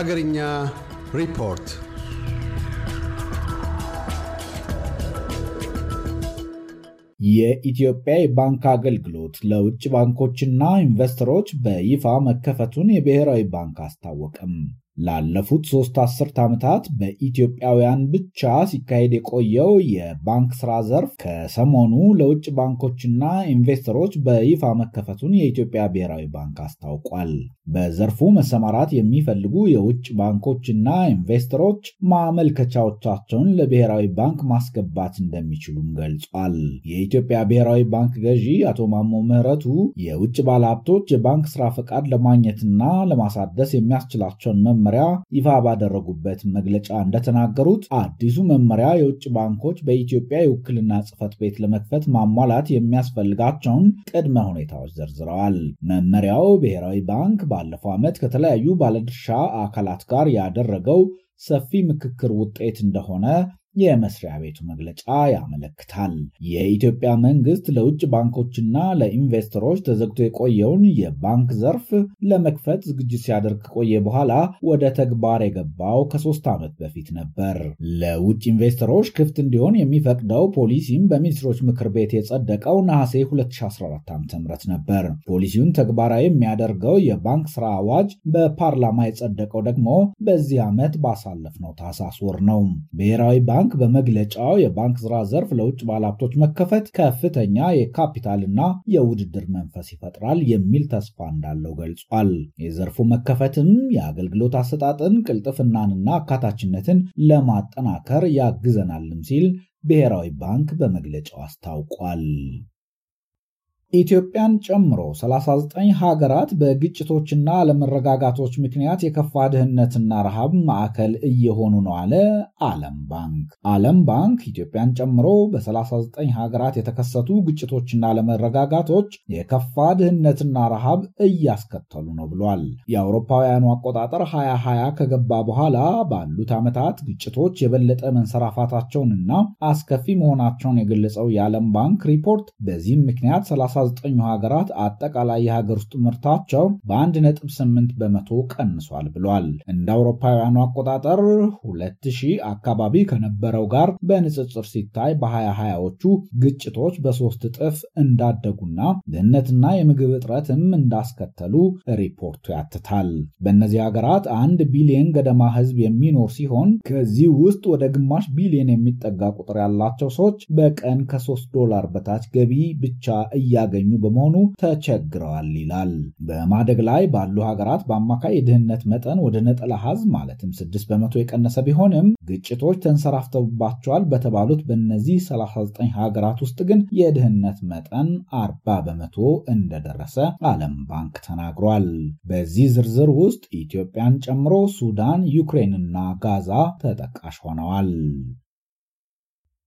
ሀገርኛ ሪፖርት የኢትዮጵያ የባንክ አገልግሎት ለውጭ ባንኮችና ኢንቨስተሮች በይፋ መከፈቱን የብሔራዊ ባንክ አስታወቅም። ላለፉት ሶስት አስርት ዓመታት በኢትዮጵያውያን ብቻ ሲካሄድ የቆየው የባንክ ስራ ዘርፍ ከሰሞኑ ለውጭ ባንኮችና ኢንቨስተሮች በይፋ መከፈቱን የኢትዮጵያ ብሔራዊ ባንክ አስታውቋል። በዘርፉ መሰማራት የሚፈልጉ የውጭ ባንኮችና ኢንቨስተሮች ማመልከቻዎቻቸውን ለብሔራዊ ባንክ ማስገባት እንደሚችሉም ገልጿል። የኢትዮጵያ ብሔራዊ ባንክ ገዢ አቶ ማሞ ምህረቱ የውጭ ባለሀብቶች የባንክ ስራ ፈቃድ ለማግኘትና ለማሳደስ የሚያስችላቸውን መመ መመሪያ ይፋ ባደረጉበት መግለጫ እንደተናገሩት አዲሱ መመሪያ የውጭ ባንኮች በኢትዮጵያ የውክልና ጽህፈት ቤት ለመክፈት ማሟላት የሚያስፈልጋቸውን ቅድመ ሁኔታዎች ዘርዝረዋል። መመሪያው ብሔራዊ ባንክ ባለፈው ዓመት ከተለያዩ ባለድርሻ አካላት ጋር ያደረገው ሰፊ ምክክር ውጤት እንደሆነ የመስሪያ ቤቱ መግለጫ ያመለክታል። የኢትዮጵያ መንግስት ለውጭ ባንኮችና ለኢንቨስተሮች ተዘግቶ የቆየውን የባንክ ዘርፍ ለመክፈት ዝግጅት ሲያደርግ ከቆየ በኋላ ወደ ተግባር የገባው ከሶስት ዓመት በፊት ነበር። ለውጭ ኢንቨስተሮች ክፍት እንዲሆን የሚፈቅደው ፖሊሲም በሚኒስትሮች ምክር ቤት የጸደቀው ነሐሴ 2014 ዓ.ም ነበር። ፖሊሲውን ተግባራዊ የሚያደርገው የባንክ ስራ አዋጅ በፓርላማ የጸደቀው ደግሞ በዚህ ዓመት ባሳለፍነው ታህሳስ ወር ነው። ብሔራዊ ባንክ ባንክ በመግለጫው የባንክ ስራ ዘርፍ ለውጭ ባለሀብቶች መከፈት ከፍተኛ የካፒታልና የውድድር መንፈስ ይፈጥራል የሚል ተስፋ እንዳለው ገልጿል። የዘርፉ መከፈትም የአገልግሎት አሰጣጥን ቅልጥፍናንና አካታችነትን ለማጠናከር ያግዘናልም ሲል ብሔራዊ ባንክ በመግለጫው አስታውቋል። ኢትዮጵያን ጨምሮ 39 ሀገራት በግጭቶችና አለመረጋጋቶች ምክንያት የከፋ ድህነትና ረሃብ ማዕከል እየሆኑ ነው አለ ዓለም ባንክ። ዓለም ባንክ ኢትዮጵያን ጨምሮ በ39 ሀገራት የተከሰቱ ግጭቶችና አለመረጋጋቶች የከፋ ድህነትና ረሃብ እያስከተሉ ነው ብሏል። የአውሮፓውያኑ አቆጣጠር 2020 ከገባ በኋላ ባሉት ዓመታት ግጭቶች የበለጠ መንሰራፋታቸውንና አስከፊ መሆናቸውን የገለጸው የዓለም ባንክ ሪፖርት በዚህም ምክንያት የ ሀገራት አጠቃላይ የሀገር ውስጥ ምርታቸው በ1.8 በመቶ ቀንሷል ብሏል። እንደ አውሮፓውያኑ አቆጣጠር 2000 አካባቢ ከነበረው ጋር በንጽጽር ሲታይ በ2020ዎቹ ግጭቶች በሶስት እጥፍ እንዳደጉና ድህነትና የምግብ እጥረትም እንዳስከተሉ ሪፖርቱ ያትታል። በእነዚህ ሀገራት አንድ ቢሊየን ገደማ ህዝብ የሚኖር ሲሆን ከዚህ ውስጥ ወደ ግማሽ ቢሊየን የሚጠጋ ቁጥር ያላቸው ሰዎች በቀን ከ3 ዶላር በታች ገቢ ብቻ እያ ያላገኙ በመሆኑ ተቸግረዋል ይላል። በማደግ ላይ ባሉ ሀገራት በአማካይ የድህነት መጠን ወደ ነጠላ ሀዝ ማለትም 6 በመቶ የቀነሰ ቢሆንም ግጭቶች ተንሰራፍተውባቸዋል በተባሉት በእነዚህ 39 ሀገራት ውስጥ ግን የድህነት መጠን 40 በመቶ እንደደረሰ ዓለም ባንክ ተናግሯል። በዚህ ዝርዝር ውስጥ ኢትዮጵያን ጨምሮ ሱዳን፣ ዩክሬንና ጋዛ ተጠቃሽ ሆነዋል።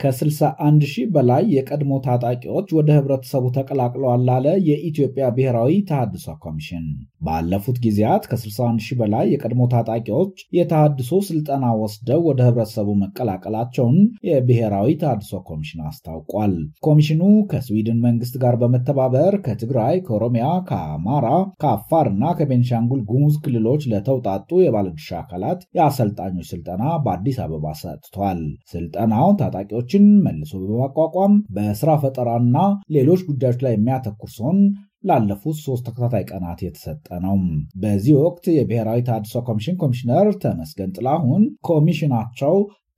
ከ61 ሺህ በላይ የቀድሞ ታጣቂዎች ወደ ህብረተሰቡ ተቀላቅለዋል አለ የኢትዮጵያ ብሔራዊ ተሃድሶ ኮሚሽን። ባለፉት ጊዜያት ከ61 ሺህ በላይ የቀድሞ ታጣቂዎች የተሃድሶ ስልጠና ወስደው ወደ ህብረተሰቡ መቀላቀላቸውን የብሔራዊ ተሃድሶ ኮሚሽን አስታውቋል። ኮሚሽኑ ከስዊድን መንግስት ጋር በመተባበር ከትግራይ፣ ከኦሮሚያ፣ ከአማራ፣ ከአፋር እና ከቤንሻንጉል ጉሙዝ ክልሎች ለተውጣጡ የባለድርሻ አካላት የአሰልጣኞች ስልጠና በአዲስ አበባ ሰጥቷል። ስልጠናው ታጣቂዎች ኃይሎችን መልሶ በማቋቋም በስራ ፈጠራና ሌሎች ጉዳዮች ላይ የሚያተኩር ሲሆን ላለፉት ሶስት ተከታታይ ቀናት የተሰጠ ነው። በዚህ ወቅት የብሔራዊ ተሃድሶ ኮሚሽን ኮሚሽነር ተመስገን ጥላሁን ኮሚሽናቸው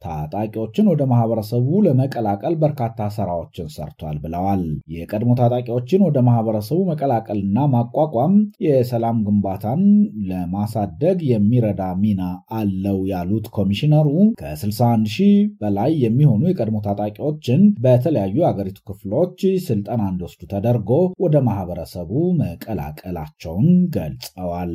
ታጣቂዎችን ወደ ማህበረሰቡ ለመቀላቀል በርካታ ስራዎችን ሰርቷል ብለዋል። የቀድሞ ታጣቂዎችን ወደ ማህበረሰቡ መቀላቀልና ማቋቋም የሰላም ግንባታን ለማሳደግ የሚረዳ ሚና አለው ያሉት ኮሚሽነሩ ከ61 ሺህ በላይ የሚሆኑ የቀድሞ ታጣቂዎችን በተለያዩ የአገሪቱ ክፍሎች ስልጠና እንዲወስዱ ተደርጎ ወደ ማህበረሰቡ መቀላቀላቸውን ገልጸዋል።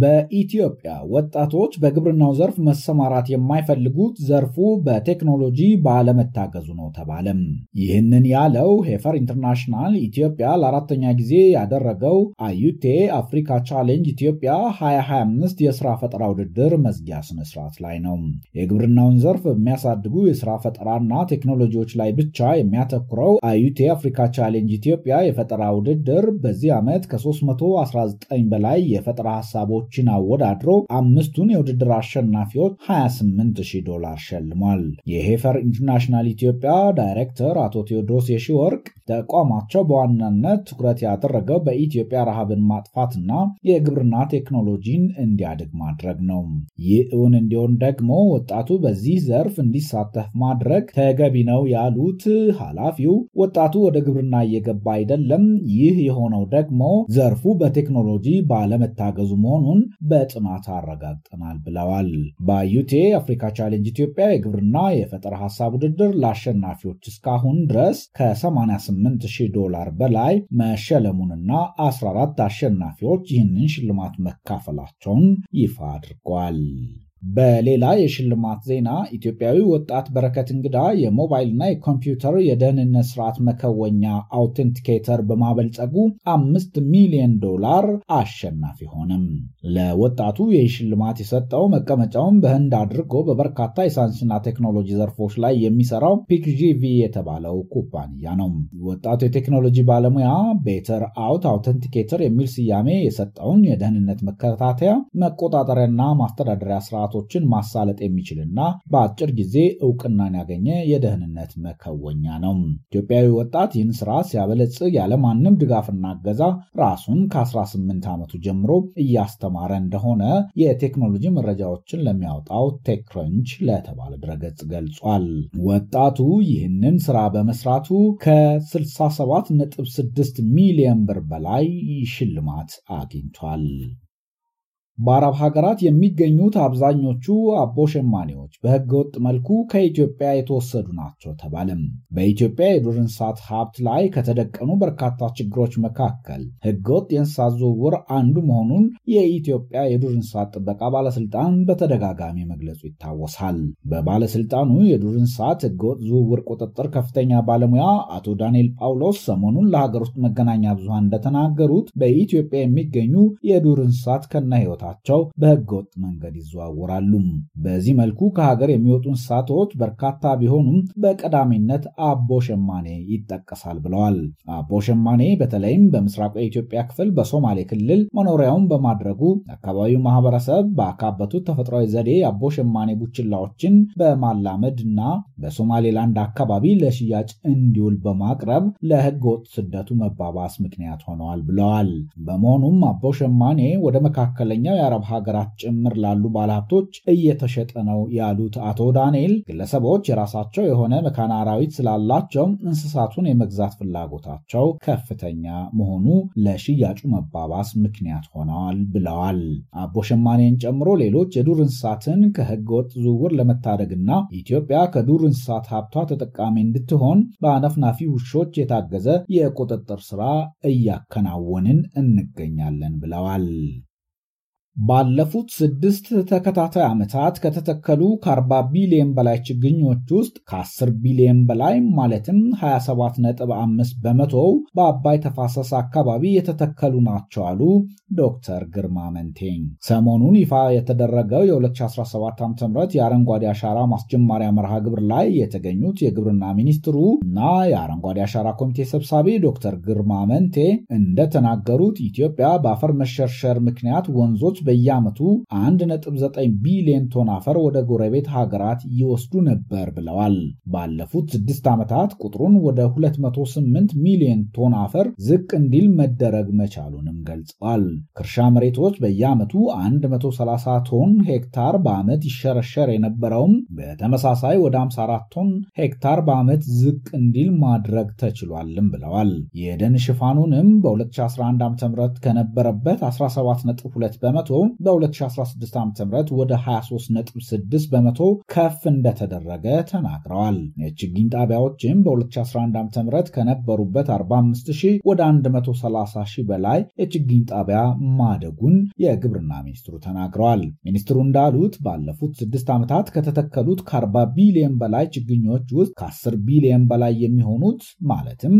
በኢትዮጵያ ወጣቶች በግብርናው ዘርፍ መሰማራት የማይፈልጉት ዘርፉ በቴክኖሎጂ ባለመታገዙ ነው ተባለም። ይህንን ያለው ሄፈር ኢንተርናሽናል ኢትዮጵያ ለአራተኛ ጊዜ ያደረገው አዩቴ አፍሪካ ቻሌንጅ ኢትዮጵያ 2025 የስራ ፈጠራ ውድድር መዝጊያ ስነስርዓት ላይ ነው። የግብርናውን ዘርፍ በሚያሳድጉ የስራ ፈጠራና ቴክኖሎጂዎች ላይ ብቻ የሚያተኩረው አዩቴ አፍሪካ ቻሌንጅ ኢትዮጵያ የፈጠራ ውድድር በዚህ ዓመት ከ319 በላይ የፈጠራ ሀሳቦች ክለቦችን አወዳድሮ አምስቱን የውድድር አሸናፊዎች 28000 ዶላር ሸልሟል። የሄፈር ኢንተርናሽናል ኢትዮጵያ ዳይሬክተር አቶ ቴዎድሮስ የሺወርቅ ተቋማቸው በዋናነት ትኩረት ያደረገው በኢትዮጵያ ረሃብን ማጥፋትና የግብርና ቴክኖሎጂን እንዲያድግ ማድረግ ነው። ይህ እውን እንዲሆን ደግሞ ወጣቱ በዚህ ዘርፍ እንዲሳተፍ ማድረግ ተገቢ ነው ያሉት ኃላፊው፣ ወጣቱ ወደ ግብርና እየገባ አይደለም። ይህ የሆነው ደግሞ ዘርፉ በቴክኖሎጂ ባለመታገዙ መሆኑ መሆኑን በጥናት አረጋግጠናል ብለዋል። በዩቴ አፍሪካ ቻሌንጅ ኢትዮጵያ የግብርና የፈጠራ ሀሳብ ውድድር ለአሸናፊዎች እስካሁን ድረስ ከ88 ሺህ ዶላር በላይ መሸለሙንና 14 አሸናፊዎች ይህንን ሽልማት መካፈላቸውን ይፋ አድርጓል። በሌላ የሽልማት ዜና ኢትዮጵያዊ ወጣት በረከት እንግዳ የሞባይልና የኮምፒውተር የደህንነት ስርዓት መከወኛ አውቴንቲኬተር በማበልጸጉ አምስት ሚሊዮን ዶላር አሸናፊ ሆነም። ለወጣቱ ይህ ሽልማት የሰጠው መቀመጫውን በህንድ አድርጎ በበርካታ የሳይንስና ቴክኖሎጂ ዘርፎች ላይ የሚሰራው ፒክጂቪ የተባለው ኩባንያ ነው። ወጣቱ የቴክኖሎጂ ባለሙያ ቤተር አውት አውቴንቲኬተር የሚል ስያሜ የሰጠውን የደህንነት መከታተያ መቆጣጠሪያና ማስተዳደሪያ ስርዓት ጥቃቶችን ማሳለጥ የሚችልና በአጭር ጊዜ እውቅናን ያገኘ የደህንነት መከወኛ ነው። ኢትዮጵያዊ ወጣት ይህን ስራ ሲያበለጽግ ያለማንም ድጋፍና እገዛ ራሱን ከ18 ዓመቱ ጀምሮ እያስተማረ እንደሆነ የቴክኖሎጂ መረጃዎችን ለሚያወጣው ቴክረንች ለተባለ ድረገጽ ገልጿል። ወጣቱ ይህንን ስራ በመስራቱ ከ67.6 ሚሊዮን ብር በላይ ሽልማት አግኝቷል። በአረብ ሀገራት የሚገኙት አብዛኞቹ አቦ ሸማኔዎች በህገወጥ መልኩ ከኢትዮጵያ የተወሰዱ ናቸው ተባለም። በኢትዮጵያ የዱር እንስሳት ሀብት ላይ ከተደቀኑ በርካታ ችግሮች መካከል ህገወጥ የእንስሳት ዝውውር አንዱ መሆኑን የኢትዮጵያ የዱር እንስሳት ጥበቃ ባለስልጣን በተደጋጋሚ መግለጹ ይታወሳል። በባለስልጣኑ የዱር እንስሳት ህገወጥ ዝውውር ቁጥጥር ከፍተኛ ባለሙያ አቶ ዳንኤል ጳውሎስ ሰሞኑን ለሀገር ውስጥ መገናኛ ብዙሃን እንደተናገሩት በኢትዮጵያ የሚገኙ የዱር እንስሳት ከነ ህይወታ በመኖራቸው በህገወጥ መንገድ ይዘዋወራሉ። በዚህ መልኩ ከሀገር የሚወጡ እንስሳቶች በርካታ ቢሆኑም በቀዳሚነት አቦ ሸማኔ ይጠቀሳል ብለዋል። አቦ ሸማኔ በተለይም በምስራቁ የኢትዮጵያ ክፍል በሶማሌ ክልል መኖሪያውን በማድረጉ አካባቢው ማህበረሰብ ባካበቱት ተፈጥሯዊ ዘዴ አቦ ሸማኔ ቡችላዎችን በማላመድ እና በሶማሌላንድ አካባቢ ለሽያጭ እንዲውል በማቅረብ ለህገወጥ ስደቱ መባባስ ምክንያት ሆነዋል ብለዋል። በመሆኑም አቦ ሸማኔ ወደ መካከለኛ በአብዛኛው የአረብ ሀገራት ጭምር ላሉ ባለሀብቶች እየተሸጠ ነው ያሉት አቶ ዳንኤል ግለሰቦች የራሳቸው የሆነ መካነ አራዊት ስላላቸው እንስሳቱን የመግዛት ፍላጎታቸው ከፍተኛ መሆኑ ለሽያጩ መባባስ ምክንያት ሆነዋል ብለዋል። አቦ ሸማኔን ጨምሮ ሌሎች የዱር እንስሳትን ከህገ ወጥ ዝውውር ለመታደግና ኢትዮጵያ ከዱር እንስሳት ሀብቷ ተጠቃሚ እንድትሆን በአነፍናፊ ውሾች የታገዘ የቁጥጥር ስራ እያከናወንን እንገኛለን ብለዋል። ባለፉት ስድስት ተከታታይ ዓመታት ከተተከሉ ከ40 ቢሊዮን በላይ ችግኞች ውስጥ ከ10 ቢሊዮን በላይ ማለትም 27.5 በመቶው በአባይ ተፋሰስ አካባቢ የተተከሉ ናቸው አሉ ዶክተር ግርማ መንቴኝ። ሰሞኑን ይፋ የተደረገው የ2017 ዓ.ም የአረንጓዴ አሻራ ማስጀማሪያ መርሃ ግብር ላይ የተገኙት የግብርና ሚኒስትሩ እና የአረንጓዴ አሻራ ኮሚቴ ሰብሳቢ ዶክተር ግርማ መንቴ እንደተናገሩት ኢትዮጵያ በአፈር መሸርሸር ምክንያት ወንዞች በየዓመቱ 1.9 ቢሊዮን ቶን አፈር ወደ ጎረቤት ሀገራት ይወስዱ ነበር ብለዋል። ባለፉት ስድስት ዓመታት ቁጥሩን ወደ 208 ሚሊዮን ቶን አፈር ዝቅ እንዲል መደረግ መቻሉንም ገልጸዋል። ከእርሻ መሬቶች በየዓመቱ 130 ቶን ሄክታር በዓመት ይሸረሸር የነበረውም በተመሳሳይ ወደ 54 ቶን ሄክታር በዓመት ዝቅ እንዲል ማድረግ ተችሏልም ብለዋል። የደን ሽፋኑንም በ2011 ዓ ም ከነበረበት 17.2 በመቶ በመቶ በ2016 ዓ ም ወደ 23.6 በመቶ ከፍ እንደተደረገ ተናግረዋል። የችግኝ ጣቢያዎችም በ2011 ዓ ም ከነበሩበት 45 ወደ 130 ሺህ በላይ የችግኝ ጣቢያ ማደጉን የግብርና ሚኒስትሩ ተናግረዋል። ሚኒስትሩ እንዳሉት ባለፉት ስድስት ዓመታት ከተተከሉት ከ40 ቢሊዮን በላይ ችግኞች ውስጥ ከ10 ቢሊዮን በላይ የሚሆኑት ማለትም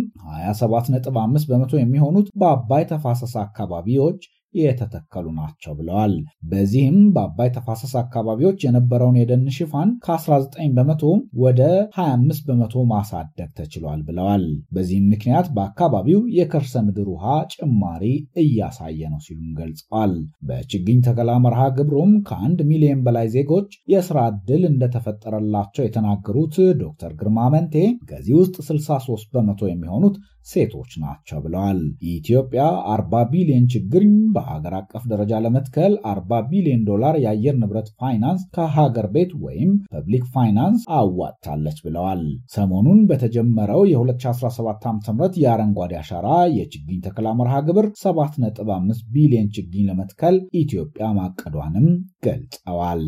27.5 በመቶ የሚሆኑት በአባይ ተፋሰስ አካባቢዎች የተተከሉ ናቸው ብለዋል። በዚህም በአባይ ተፋሰስ አካባቢዎች የነበረውን የደን ሽፋን ከ19 በመቶ ወደ 25 በመቶ ማሳደግ ተችሏል ብለዋል። በዚህም ምክንያት በአካባቢው የከርሰ ምድር ውሃ ጭማሪ እያሳየ ነው ሲሉም ገልጸዋል። በችግኝ ተከላ መርሃ ግብሩም ከአንድ ሚሊዮን በላይ ዜጎች የስራ ዕድል እንደተፈጠረላቸው የተናገሩት ዶክተር ግርማ መንቴ ከዚህ ውስጥ 63 በመቶ የሚሆኑት ሴቶች ናቸው ብለዋል። ኢትዮጵያ 40 ቢሊዮን ችግኝ በሀገር አቀፍ ደረጃ ለመትከል 40 ቢሊዮን ዶላር የአየር ንብረት ፋይናንስ ከሀገር ቤት ወይም ፐብሊክ ፋይናንስ አዋጥታለች ብለዋል። ሰሞኑን በተጀመረው የ2017 ዓ ም የአረንጓዴ አሻራ የችግኝ ተከላ መርሃ ግብር 7.5 ቢሊዮን ችግኝ ለመትከል ኢትዮጵያ ማቀዷንም ገልጸዋል።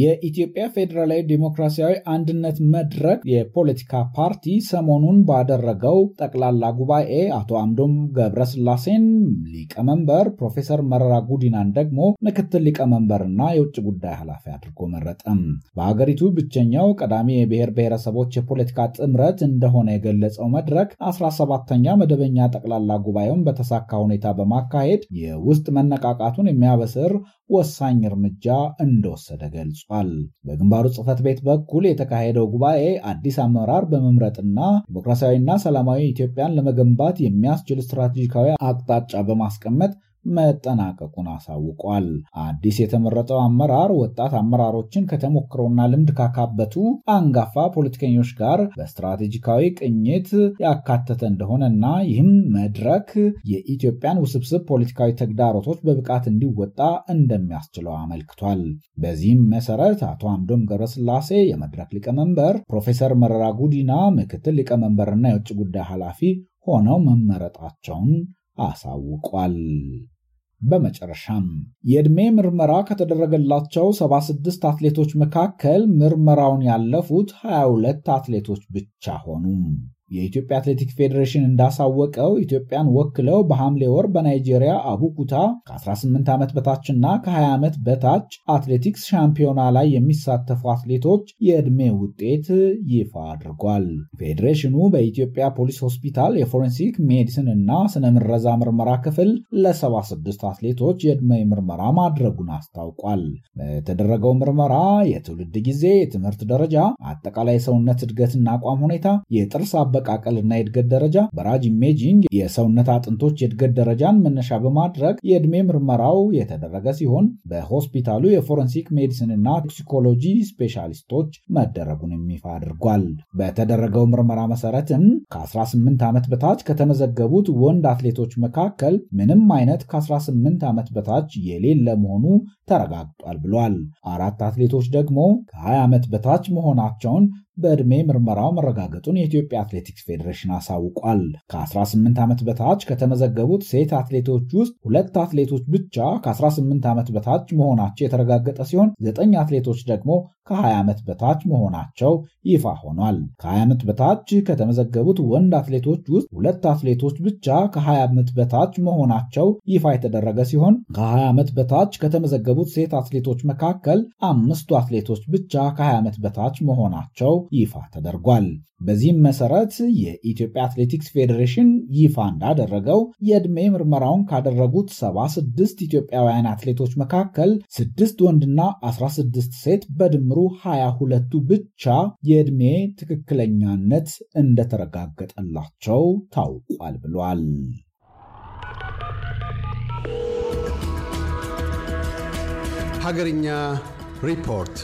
የኢትዮጵያ ፌዴራላዊ ዴሞክራሲያዊ አንድነት መድረክ የፖለቲካ ፓርቲ ሰሞኑን ባደረገው ጠቅላላ ጉባኤ አቶ አምዶም ገብረስላሴን ሊቀመንበር፣ ፕሮፌሰር መረራ ጉዲናን ደግሞ ምክትል ሊቀመንበርና የውጭ ጉዳይ ኃላፊ አድርጎ መረጠም። በሀገሪቱ ብቸኛው ቀዳሚ የብሔር ብሔረሰቦች የፖለቲካ ጥምረት እንደሆነ የገለጸው መድረክ 17ተኛ መደበኛ ጠቅላላ ጉባኤውን በተሳካ ሁኔታ በማካሄድ የውስጥ መነቃቃቱን የሚያበስር ወሳኝ እርምጃ እንደወሰደ ገልጿል። ገልጿል። በግንባሩ ጽህፈት ቤት በኩል የተካሄደው ጉባኤ አዲስ አመራር በመምረጥና ዲሞክራሲያዊና ሰላማዊ ኢትዮጵያን ለመገንባት የሚያስችል ስትራቴጂካዊ አቅጣጫ በማስቀመጥ መጠናቀቁን አሳውቋል። አዲስ የተመረጠው አመራር ወጣት አመራሮችን ከተሞክሮና ልምድ ካካበቱ አንጋፋ ፖለቲከኞች ጋር በስትራቴጂካዊ ቅኝት ያካተተ እንደሆነና ይህም መድረክ የኢትዮጵያን ውስብስብ ፖለቲካዊ ተግዳሮቶች በብቃት እንዲወጣ እንደሚያስችለው አመልክቷል። በዚህም መሰረት አቶ አምዶም ገብረስላሴ የመድረክ ሊቀመንበር፣ ፕሮፌሰር መረራ ጉዲና ምክትል ሊቀመንበርና የውጭ ጉዳይ ኃላፊ ሆነው መመረጣቸውን አሳውቋል። በመጨረሻም የዕድሜ ምርመራ ከተደረገላቸው 76 አትሌቶች መካከል ምርመራውን ያለፉት 22 አትሌቶች ብቻ ሆኑ። የኢትዮጵያ አትሌቲክ ፌዴሬሽን እንዳሳወቀው ኢትዮጵያን ወክለው በሐምሌ ወር በናይጄሪያ አቡኩታ ከ18 ዓመት በታችና ከ20 ዓመት በታች አትሌቲክስ ሻምፒዮና ላይ የሚሳተፉ አትሌቶች የዕድሜ ውጤት ይፋ አድርጓል። ፌዴሬሽኑ በኢትዮጵያ ፖሊስ ሆስፒታል የፎረንሲክ ሜዲሲን እና ስነ ምረዛ ምርመራ ክፍል ለ76 አትሌቶች የዕድሜ ምርመራ ማድረጉን አስታውቋል። በተደረገው ምርመራ የትውልድ ጊዜ፣ የትምህርት ደረጃ፣ አጠቃላይ ሰውነት እድገትና አቋም ሁኔታ፣ የጥርስ አበ እና የእድገት ደረጃ በራጅ ኢሜጂንግ የሰውነት አጥንቶች የእድገት ደረጃን መነሻ በማድረግ የእድሜ ምርመራው የተደረገ ሲሆን በሆስፒታሉ የፎረንሲክ ሜዲሲንና ቶክሲኮሎጂ ስፔሻሊስቶች መደረጉን ይፋ አድርጓል። በተደረገው ምርመራ መሰረትም ከ18 ዓመት በታች ከተመዘገቡት ወንድ አትሌቶች መካከል ምንም አይነት ከ18 ዓመት በታች የሌለ መሆኑ ተረጋግጧል ብሏል። አራት አትሌቶች ደግሞ ከ20 ዓመት በታች መሆናቸውን በዕድሜ ምርመራው መረጋገጡን የኢትዮጵያ አትሌቲክስ ፌዴሬሽን አሳውቋል። ከ18 ዓመት በታች ከተመዘገቡት ሴት አትሌቶች ውስጥ ሁለት አትሌቶች ብቻ ከ18 ዓመት በታች መሆናቸው የተረጋገጠ ሲሆን ዘጠኝ አትሌቶች ደግሞ ከ20 ዓመት በታች መሆናቸው ይፋ ሆኗል። ከ20 ዓመት በታች ከተመዘገቡት ወንድ አትሌቶች ውስጥ ሁለት አትሌቶች ብቻ ከ20 ዓመት በታች መሆናቸው ይፋ የተደረገ ሲሆን ከ20 ዓመት በታች ከተመዘገቡት ሴት አትሌቶች መካከል አምስቱ አትሌቶች ብቻ ከ20 ዓመት በታች መሆናቸው ይፋ ተደርጓል። በዚህም መሰረት የኢትዮጵያ አትሌቲክስ ፌዴሬሽን ይፋ እንዳደረገው የዕድሜ ምርመራውን ካደረጉት 76 ኢትዮጵያውያን አትሌቶች መካከል 6 ወንድና 16 ሴት በድምሩ 22ቱ ብቻ የዕድሜ ትክክለኛነት እንደተረጋገጠላቸው ታውቋል ብሏል። ሀገርኛ ሪፖርት